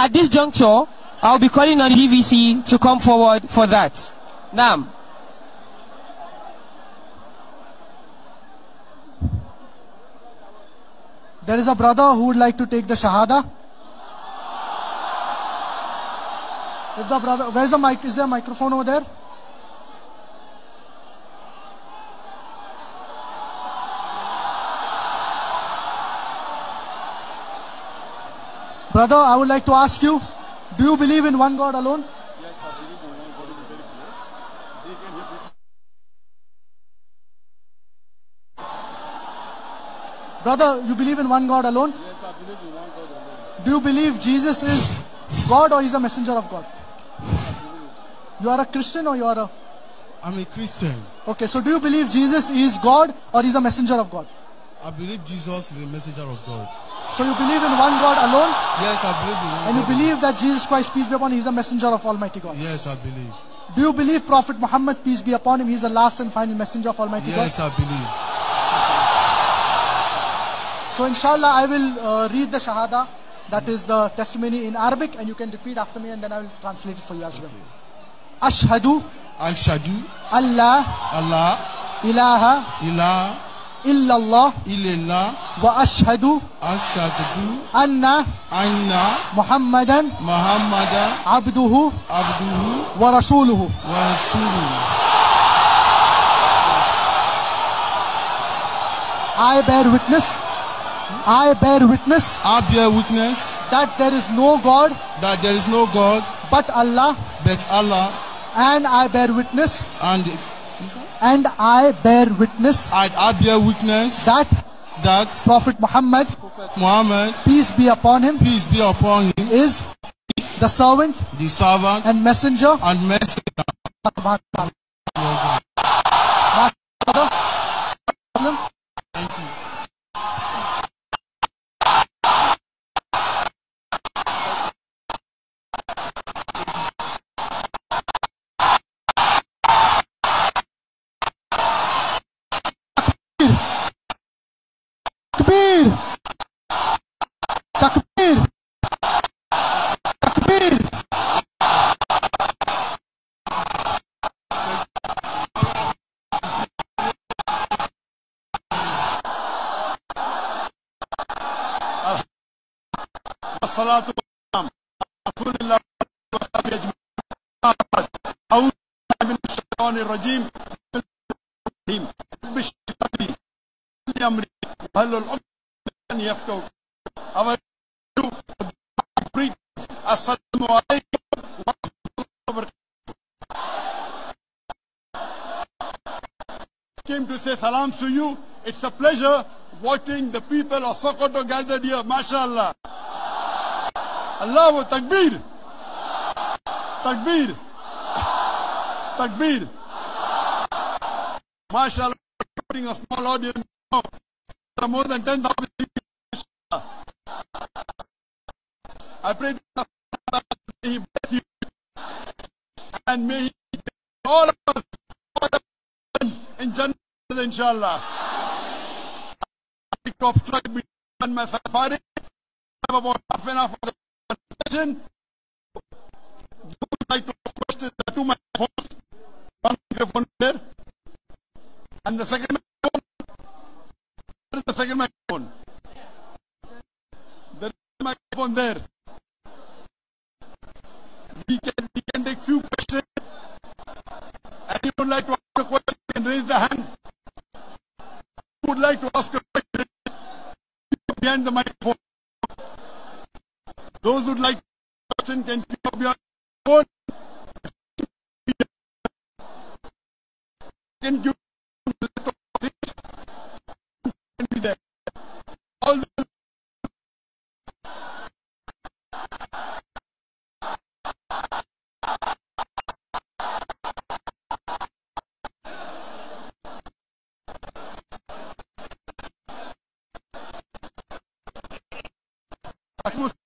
At this juncture, I'll be calling on the DVC to come forward for that. Nam. There is a brother who would like to take the Shahada. If the brother, where's the mic? Is there a microphone over there? Brother, I would like to ask you, do you believe in one God alone? Yes, I believe in one God Brother, you believe in one God alone? Yes, I believe in one God alone. Do you believe Jesus is God or is a messenger of God? You are a Christian or you are a... I'm a Christian. Okay, so do you believe Jesus is God or is a messenger of God? I believe Jesus is a messenger of God. So you believe in one God alone? Yes, I believe in And you believe that Jesus Christ, peace be upon him, is a messenger of Almighty God? Yes, I believe. Do you believe Prophet Muhammad, peace be upon him, he is the last and final messenger of Almighty yes, God? Yes, I believe. So inshallah, I will uh, read the Shahada, that is the testimony in Arabic, and you can repeat after me and then I will translate it for you as well. Ashhadu. Ashhadu. Allah. Allah. Ilaha. Ilaha. illallah illallah ve eşhedü eşhedü enne enne Muhammeden Muhammeden abduhu abduhu ve resuluhu ve resuluhu I bear witness I bear witness I bear witness that there is no God that there is no God but Allah but Allah and I bear witness and And I bear witness. And I bear witness. That. That. Prophet Muhammad. Prophet Muhammad. Peace be upon him. Peace be upon him. Is. The servant. The servant. And messenger. And messenger. salatu came to say salam to you it's a pleasure watching the people of Sokoto gathered here, mashallah. अल्लाह तकबीर तकबीर तकबीर Marshall putting a small audience now. There more than 10,000 people. I pray that He bless you and may He bless all of us in Jannah, inshallah. I picked up strike between myself and I have about half an hour for the imagine those type to questions that two microphones, one microphone there, and the second microphone, there is the second microphone. There is the microphone there. We can, we can take few questions. Anyone like to ask a question, can raise the hand. Who would like to ask a question behind the microphone? Those who'd like to can pick up your phone. Can list of things can be there. All the I was